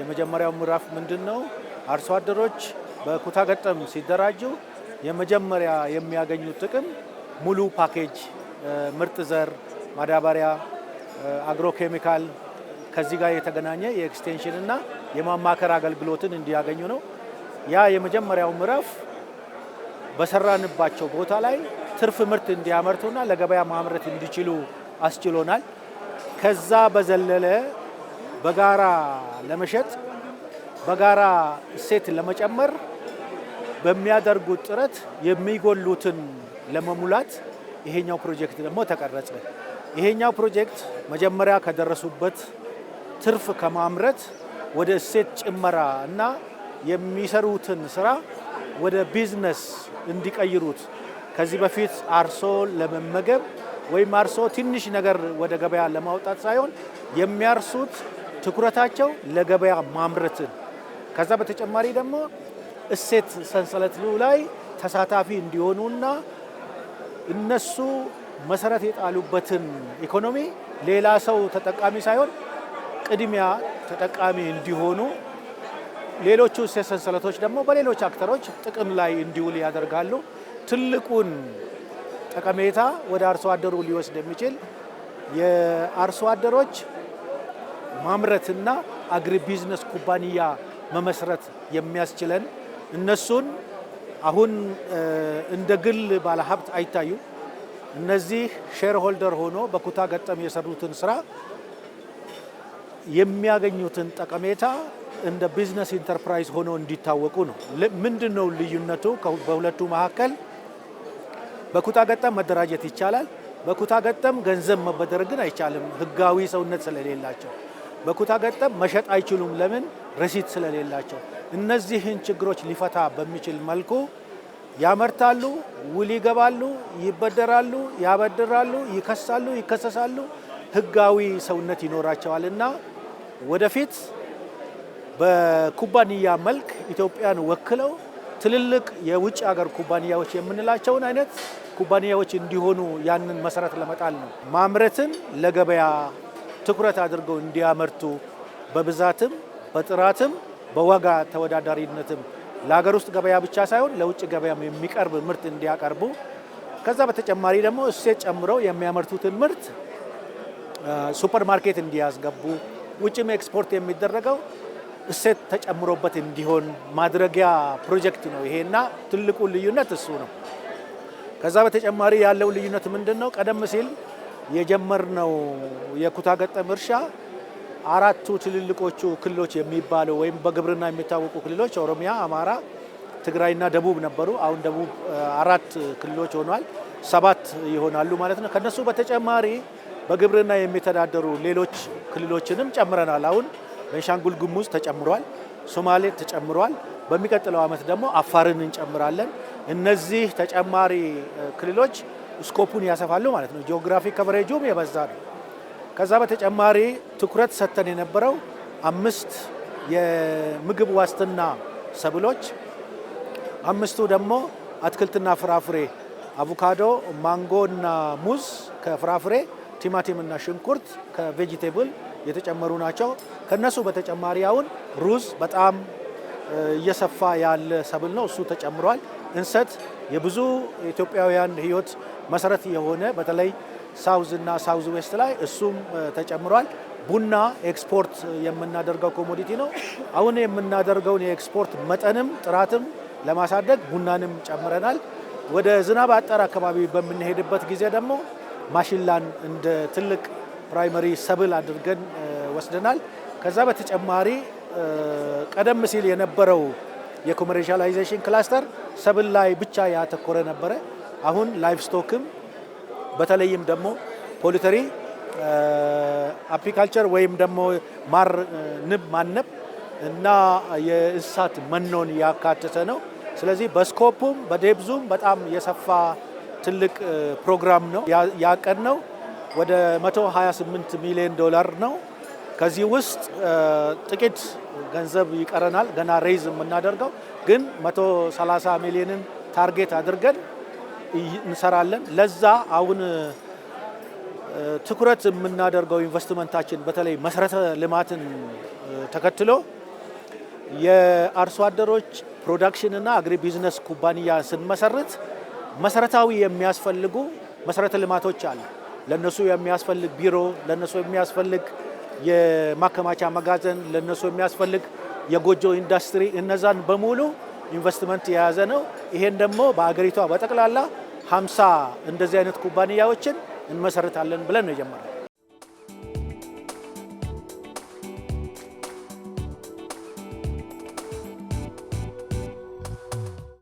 የመጀመሪያው ምዕራፍ ምንድን ነው? አርሶ አደሮች በኩታ ገጠም ሲደራጁ የመጀመሪያ የሚያገኙት ጥቅም ሙሉ ፓኬጅ ምርጥ ዘር፣ ማዳበሪያ፣ አግሮኬሚካል ከዚህ ጋር የተገናኘ የኤክስቴንሽን እና የማማከር አገልግሎትን እንዲያገኙ ነው። ያ የመጀመሪያው ምዕራፍ በሰራንባቸው ቦታ ላይ ትርፍ ምርት እንዲያመርቱና ለገበያ ማምረት እንዲችሉ አስችሎናል። ከዛ በዘለለ በጋራ ለመሸጥ በጋራ እሴት ለመጨመር በሚያደርጉት ጥረት የሚጎሉትን ለመሙላት ይሄኛው ፕሮጀክት ደግሞ ተቀረጸ። ይሄኛው ፕሮጀክት መጀመሪያ ከደረሱበት ትርፍ ከማምረት ወደ እሴት ጭመራ እና የሚሰሩትን ስራ ወደ ቢዝነስ እንዲቀይሩት ከዚህ በፊት አርሶ ለመመገብ ወይም አርሶ ትንሽ ነገር ወደ ገበያ ለማውጣት ሳይሆን የሚያርሱት ትኩረታቸው ለገበያ ማምረትን ከዛ በተጨማሪ ደግሞ እሴት ሰንሰለቱ ላይ ተሳታፊ እንዲሆኑና እነሱ መሰረት የጣሉበትን ኢኮኖሚ ሌላ ሰው ተጠቃሚ ሳይሆን ቅድሚያ ተጠቃሚ እንዲሆኑ ሌሎቹ እሴት ሰንሰለቶች ደግሞ በሌሎች አክተሮች ጥቅም ላይ እንዲውል ያደርጋሉ። ትልቁን ጠቀሜታ ወደ አርሶ አደሩ ሊወስድ የሚችል የአርሶ አደሮች ማምረትና አግሪ ቢዝነስ ኩባንያ መመስረት የሚያስችለን እነሱን አሁን እንደ ግል ባለሀብት አይታዩም። እነዚህ ሼር ሆልደር ሆኖ በኩታ ገጠም የሰሩትን ስራ የሚያገኙትን ጠቀሜታ እንደ ቢዝነስ ኢንተርፕራይዝ ሆኖ እንዲታወቁ ነው። ምንድን ነው ልዩነቱ በሁለቱ መካከል? በኩታ ገጠም መደራጀት ይቻላል። በኩታ ገጠም ገንዘብ መበደር ግን አይቻልም፣ ህጋዊ ሰውነት ስለሌላቸው በኩታ ገጠም መሸጥ አይችሉም። ለምን? ረሲት ስለሌላቸው። እነዚህን ችግሮች ሊፈታ በሚችል መልኩ ያመርታሉ፣ ውል ይገባሉ፣ ይበደራሉ፣ ያበድራሉ፣ ይከሳሉ፣ ይከሰሳሉ፣ ህጋዊ ሰውነት ይኖራቸዋል እና ወደፊት በኩባንያ መልክ ኢትዮጵያን ወክለው ትልልቅ የውጭ ሀገር ኩባንያዎች የምንላቸውን አይነት ኩባንያዎች እንዲሆኑ ያንን መሰረት ለመጣል ነው። ማምረትን ለገበያ ትኩረት አድርገው እንዲያመርቱ በብዛትም በጥራትም በዋጋ ተወዳዳሪነትም ለሀገር ውስጥ ገበያ ብቻ ሳይሆን ለውጭ ገበያም የሚቀርብ ምርት እንዲያቀርቡ ከዛ በተጨማሪ ደግሞ እሴት ጨምረው የሚያመርቱትን ምርት ሱፐር ማርኬት እንዲያስገቡ ውጭም ኤክስፖርት የሚደረገው እሴት ተጨምሮበት እንዲሆን ማድረጊያ ፕሮጀክት ነው ይሄና ትልቁ ልዩነት እሱ ነው። ከዛ በተጨማሪ ያለው ልዩነት ምንድን ነው? ቀደም ሲል የጀመርነው የኩታ ገጠም እርሻ አራቱ ትልልቆቹ ክልሎች የሚባሉ ወይም በግብርና የሚታወቁ ክልሎች ኦሮሚያ፣ አማራ፣ ትግራይና ደቡብ ነበሩ። አሁን ደቡብ አራት ክልሎች ሆኗል፣ ሰባት ይሆናሉ ማለት ነው። ከነሱ በተጨማሪ በግብርና የሚተዳደሩ ሌሎች ክልሎችንም ጨምረናል። አሁን ቤንሻንጉል ጉሙዝ ተጨምሯል፣ ሶማሌ ተጨምሯል። በሚቀጥለው ዓመት ደግሞ አፋርን እንጨምራለን። እነዚህ ተጨማሪ ክልሎች ስኮፑን ያሰፋሉ ማለት ነው። ጂኦግራፊ ከቨሬጁም የበዛ ነው። ከዛ በተጨማሪ ትኩረት ሰጥተን የነበረው አምስት የምግብ ዋስትና ሰብሎች፣ አምስቱ ደግሞ አትክልትና ፍራፍሬ አቮካዶ፣ ማንጎ እና ሙዝ ከፍራፍሬ ቲማቲም እና ሽንኩርት ከቬጂቴብል የተጨመሩ ናቸው። ከነሱ በተጨማሪ አሁን ሩዝ በጣም እየሰፋ ያለ ሰብል ነው። እሱ ተጨምሯል። እንሰት የብዙ ኢትዮጵያውያን ህይወት መሰረት የሆነ በተለይ ሳውዝ እና ሳውዝ ዌስት ላይ እሱም ተጨምሯል። ቡና ኤክስፖርት የምናደርገው ኮሞዲቲ ነው። አሁን የምናደርገውን የኤክስፖርት መጠንም ጥራትም ለማሳደግ ቡናንም ጨምረናል። ወደ ዝናብ አጠር አካባቢ በምንሄድበት ጊዜ ደግሞ ማሽላን እንደ ትልቅ ፕራይመሪ ሰብል አድርገን ወስደናል። ከዛ በተጨማሪ ቀደም ሲል የነበረው የኮመርሻላይዜሽን ክላስተር ሰብል ላይ ብቻ ያተኮረ ነበረ። አሁን ላይቭ ስቶክም በተለይም ደግሞ ፖሊተሪ አፕሪካልቸር ወይም ደግሞ ማር ንብ ማነብ እና የእንስሳት መኖን ያካተተ ነው። ስለዚህ በስኮፑም በዴብዙም በጣም የሰፋ ትልቅ ፕሮግራም ነው ያቀድ ነው። ወደ 128 ሚሊዮን ዶላር ነው። ከዚህ ውስጥ ጥቂት ገንዘብ ይቀረናል ገና ሬይዝ የምናደርገው ግን 130 ሚሊዮንን ታርጌት አድርገን እንሰራለን። ለዛ አሁን ትኩረት የምናደርገው ኢንቨስትመንታችን በተለይ መሰረተ ልማትን ተከትሎ የአርሶ አደሮች ፕሮዳክሽን እና አግሪ ቢዝነስ ኩባንያ ስንመሰርት መሰረታዊ የሚያስፈልጉ መሰረተ ልማቶች አሉ። ለእነሱ የሚያስፈልግ ቢሮ፣ ለእነሱ የሚያስፈልግ የማከማቻ መጋዘን ለነሱ የሚያስፈልግ የጎጆ ኢንዱስትሪ እነዛን በሙሉ ኢንቨስትመንት የያዘ ነው። ይሄን ደግሞ በአገሪቷ በጠቅላላ ሀምሳ እንደዚህ አይነት ኩባንያዎችን እንመሰርታለን ብለን ነው የጀመረው።